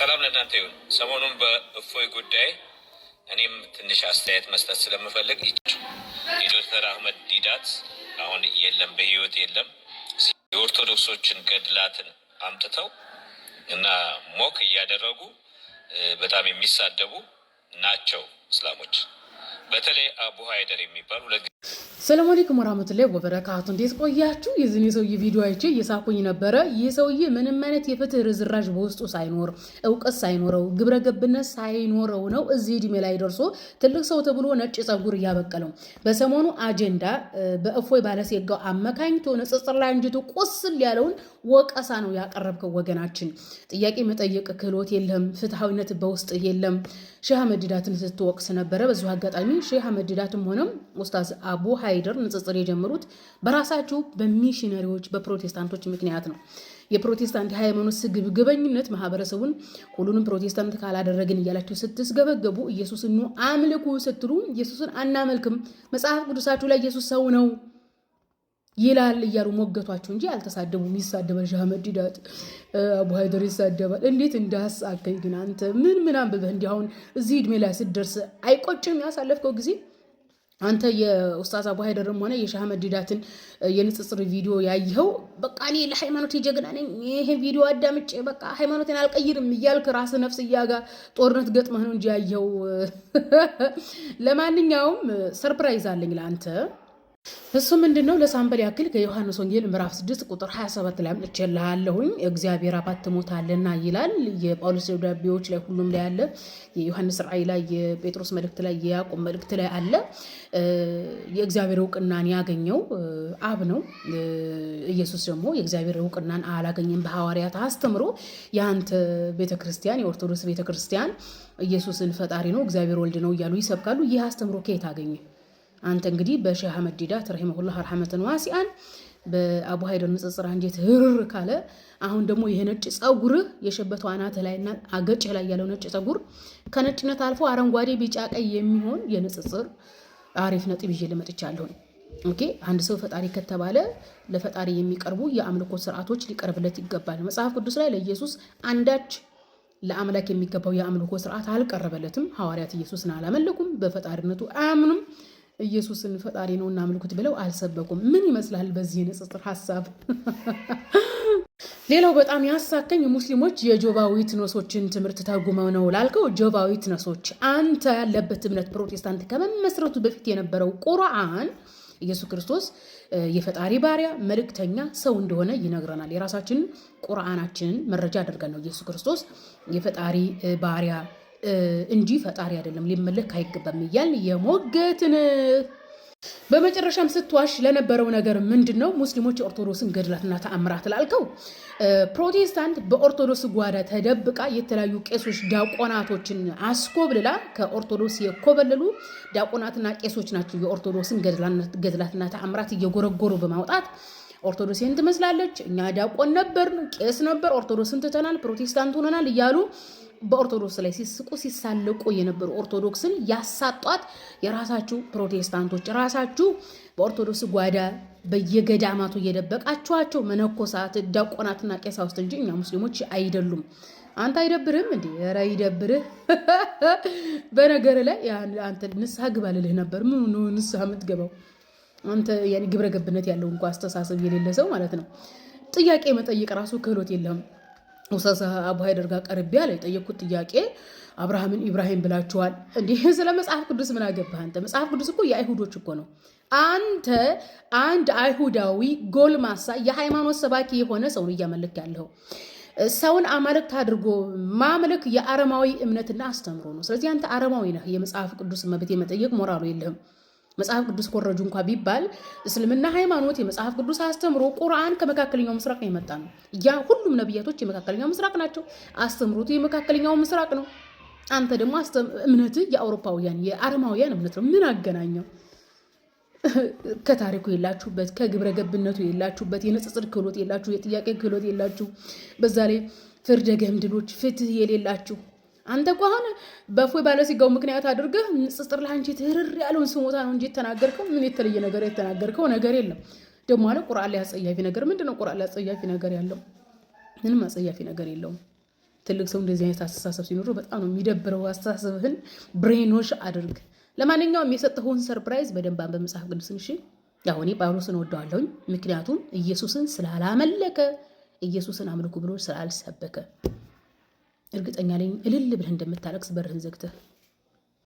ሰላም ለእናንተ ይሁን። ሰሞኑን በእፎይ ጉዳይ እኔም ትንሽ አስተያየት መስጠት ስለምፈልግ የዶክተር አህመድ ዲዳት አሁን የለም በህይወት የለም። የኦርቶዶክሶችን ገድላትን አምጥተው እና ሞክ እያደረጉ በጣም የሚሳደቡ ናቸው እስላሞች። በተለይ አቡ ሀይደር የሚባል ሁለት ሰላም አለይኩም ወራህመቱላሂ ወበረካቱ። እንዴት ቆያችሁ? የዚህ የሰውዬ ቪዲዮ አይቼ እየሳኩኝ ነበረ። ይህ ሰውዬ ምንም አይነት የፍትህ ርዝራዥ በውስጡ ሳይኖር እውቀት ሳይኖረው ግብረ ገብነት ሳይኖረው ነው እዚህ እድሜ ላይ ደርሶ ትልቅ ሰው ተብሎ ነጭ ጸጉር እያበቀለው። በሰሞኑ አጀንዳ በእፎይ ባለሴጋው አመካኝቶ ንጽጽር ላይ አንጅቱ ቁስል ያለውን ወቀሳ ነው ያቀረብከው። ወገናችን ጥያቄ መጠየቅ ክህሎት የለም፣ ፍትሐዊነት በውስጥ የለም። ሼህ አህመድ ዲዳትን ስትወቅስ ነበረ። በዚሁ አጋጣሚ ሼህ አህመድ ዲዳትም ሆነም ኡስታዝ አቡ ሀይ አይደር ንጽጽር የጀመሩት በራሳቸው በሚሽነሪዎች በፕሮቴስታንቶች ምክንያት ነው። የፕሮቴስታንት ሃይማኖት ስግብግበኝነት ማህበረሰቡን ሁሉንም ፕሮቴስታንት ካላደረግን እያላችሁ ስትስገበገቡ ኢየሱስን ኑ አምልኩ ስትሉ ኢየሱስን አናመልክም፣ መጽሐፍ ቅዱሳችሁ ላይ ኢየሱስ ሰው ነው ይላል እያሉ ሞገቷቸው እንጂ አልተሳደቡም። ይሳደባል፣ ሻመዲዳት አቡ ሀይደር ይሳደባል። እንዴት እንዳሳከኝ ግን አንተ ምን ምናም ብበህ እንዲሁን እዚህ እድሜ ላይ ስትደርስ አይቆጭም ያሳለፍከው ጊዜ አንተ የኡስታዝ አቡ ሀይደርም ሆነ የሻህ መዲዳትን የንጽጽር ቪዲዮ ያየኸው በቃ እኔ ለሃይማኖት የጀግና ነኝ፣ ይሄ ቪዲዮ አዳምጬ በቃ ሃይማኖትን አልቀይርም እያልክ ራስ ነፍስያ ጋር ጦርነት ገጥመህ ነው እንጂ ያየኸው። ለማንኛውም ሰርፕራይዝ አለኝ ለአንተ እሱ ምንድን ነው ለሳምበል ያክል ከዮሐንስ ወንጌል ምዕራፍ 6 ቁጥር 27 ላይ አምጥቼ ልሃለሁኝ እግዚአብሔር አባት ትሞታለና ይላል። የጳውሎስ ደብዳቤዎች ላይ ሁሉም ላይ አለ። የዮሐንስ ራእይ ላይ፣ የጴጥሮስ መልእክት ላይ፣ የያዕቆብ መልእክት ላይ አለ። የእግዚአብሔር እውቅናን ያገኘው አብ ነው። ኢየሱስ ደግሞ የእግዚአብሔር እውቅናን አላገኘም። በሐዋርያት አስተምሮ የአንተ ቤተክርስቲያን፣ የኦርቶዶክስ ቤተክርስቲያን ኢየሱስን ፈጣሪ ነው፣ እግዚአብሔር ወልድ ነው እያሉ ይሰብካሉ። ይህ አስተምሮ ከየት አገኘ? አንተ እንግዲህ በሼህ አህመድ ዲዳት ረሂመሁላህ አርሐመትን ዋሲአን በአቡ ሀይደር ንጽጽር አንጀት ህርር ካለ አሁን ደግሞ ይሄ ነጭ ጸጉርህ የሸበተው አናትህ ላይና አገጭ ላይ ያለው ነጭ ጸጉር ከነጭነት አልፎ አረንጓዴ፣ ቢጫ፣ ቀይ የሚሆን የንጽጽር አሪፍ ነጥብ ይዤ ልመጥቻለሁ። ኦኬ አንድ ሰው ፈጣሪ ከተባለ ለፈጣሪ የሚቀርቡ የአምልኮ ስርዓቶች ሊቀርብለት ይገባል። መጽሐፍ ቅዱስ ላይ ለኢየሱስ አንዳች ለአምላክ የሚገባው የአምልኮ ስርዓት አልቀረበለትም። ሐዋርያት ኢየሱስን አላመለኩም፣ በፈጣሪነቱ አያምኑም። ኢየሱስን ፈጣሪ ነው እናምልኩት ብለው አልሰበኩም። ምን ይመስላል በዚህ ንጽጽር ሀሳብ? ሌላው በጣም ያሳከኝ ሙስሊሞች የጆቫዊት ነሶችን ትምህርት ተርጉመው ነው ላልከው፣ ጆቫዊት ነሶች አንተ ያለበት እምነት ፕሮቴስታንት ከመመስረቱ በፊት የነበረው ቁርአን ኢየሱስ ክርስቶስ የፈጣሪ ባሪያ መልእክተኛ ሰው እንደሆነ ይነግረናል። የራሳችንን ቁርአናችንን መረጃ አድርገን ነው ኢየሱስ ክርስቶስ የፈጣሪ ባሪያ እንጂ ፈጣሪ አይደለም ሊመለክ አይገባም እያል የሞገትን በመጨረሻም ስትዋሽ ለነበረው ነገር ምንድን ነው? ሙስሊሞች የኦርቶዶክስን ገድላትና ተአምራት ላልከው ፕሮቴስታንት በኦርቶዶክስ ጓዳ ተደብቃ የተለያዩ ቄሶች ዲያቆናቶችን አስኮብልላ ከኦርቶዶክስ የኮበለሉ ዲያቆናትና ቄሶች ናቸው የኦርቶዶክስን ገድላትና ተአምራት እየጎረጎሩ በማውጣት ኦርቶዶክስን ትመስላለች፣ እኛ ዲያቆን ነበር፣ ቄስ ነበር፣ ኦርቶዶክስን ትተናል፣ ፕሮቴስታንት ሆነናል እያሉ በኦርቶዶክስ ላይ ሲስቁ ሲሳለቁ የነበሩ ኦርቶዶክስን ያሳጧት የራሳችሁ ፕሮቴስታንቶች ራሳችሁ በኦርቶዶክስ ጓዳ በየገዳማቱ እየደበቃችኋቸው መነኮሳት ዲያቆናትና ቄሳውስት እንጂ እኛ ሙስሊሞች አይደሉም። አንተ አይደብርህም እንዴ? ኧረ ይደብርህ። በነገር ላይ አንተ ንስሐ ግባ ልልህ ነበር። ምን ንስሐ የምትገባው? አንተ ግብረ ገብነት ያለው እንኳ አስተሳሰብ የሌለ ሰው ማለት ነው። ጥያቄ መጠየቅ ራሱ ክህሎት የለም። ውሳሳ አቡ ሀይደር ጋር ቀርቤ አለ የጠየቅኩት ጥያቄ አብርሃምን ኢብራሂም ብላችኋል። እንዲህ ስለ መጽሐፍ ቅዱስ ምን አገባህ አንተ? መጽሐፍ ቅዱስ እኮ የአይሁዶች እኮ ነው። አንተ አንድ አይሁዳዊ ጎልማሳ የሃይማኖት ሰባኪ የሆነ ሰውን እያመለክ ያለው ሰውን አማልክት አድርጎ ማምለክ የአረማዊ እምነትና አስተምሮ ነው። ስለዚህ አንተ አረማዊ ነህ። የመጽሐፍ ቅዱስ መብት የመጠየቅ ሞራሉ የለህም። መጽሐፍ ቅዱስ ኮረጁ እንኳ ቢባል እስልምና ሃይማኖት፣ የመጽሐፍ ቅዱስ አስተምሮ፣ ቁርአን ከመካከለኛው ምስራቅ ነው የመጣ ነው። ያ ሁሉም ነቢያቶች የመካከለኛው ምስራቅ ናቸው። አስተምሮቱ የመካከለኛው ምስራቅ ነው። አንተ ደግሞ እምነትህ የአውሮፓውያን የአረማውያን እምነት ነው። ምን አገናኘው? ከታሪኩ የላችሁበት፣ ከግብረ ገብነቱ የላችሁበት፣ የንጽጽር ክህሎት የላችሁ፣ የጥያቄ ክህሎት የላችሁ፣ በዛ ላይ ፍርደ ገምድሎች፣ ፍትህ የሌላችሁ አንተ እኮ አሁን ባለ ባለሲጋው ምክንያት አድርገህ ንጽጽር ለአንቺ ትርር ያለውን ስሞታ ነው እንጂ የተናገርከው ምን የተለየ ነገር የተናገርከው ነገር የለም። ደግሞ አለ ቁርአን ላይ አጸያፊ ነገር ምንድን ነው? ቁርአን ላይ አጸያፊ ነገር ያለው ምንም አጸያፊ ነገር የለውም። ትልቅ ሰው እንደዚህ አይነት አስተሳሰብ ሲኖረው በጣም ነው የሚደብረው። አስተሳሰብህን ብሬኖሽ አድርግ። ለማንኛውም የሰጠኸውን ሰርፕራይዝ በደንብ አንበብ መጽሐፍ ቅዱስን። እሺ ያው እኔ ጳውሎስን ወደዋለሁኝ፣ ምክንያቱም ኢየሱስን ስላላመለከ ኢየሱስን አምልኩ ብሎ ስላልሰበከ እርግጠኛ ነኝ እልል ብለህ እንደምታለቅስ በርህን ዘግተህ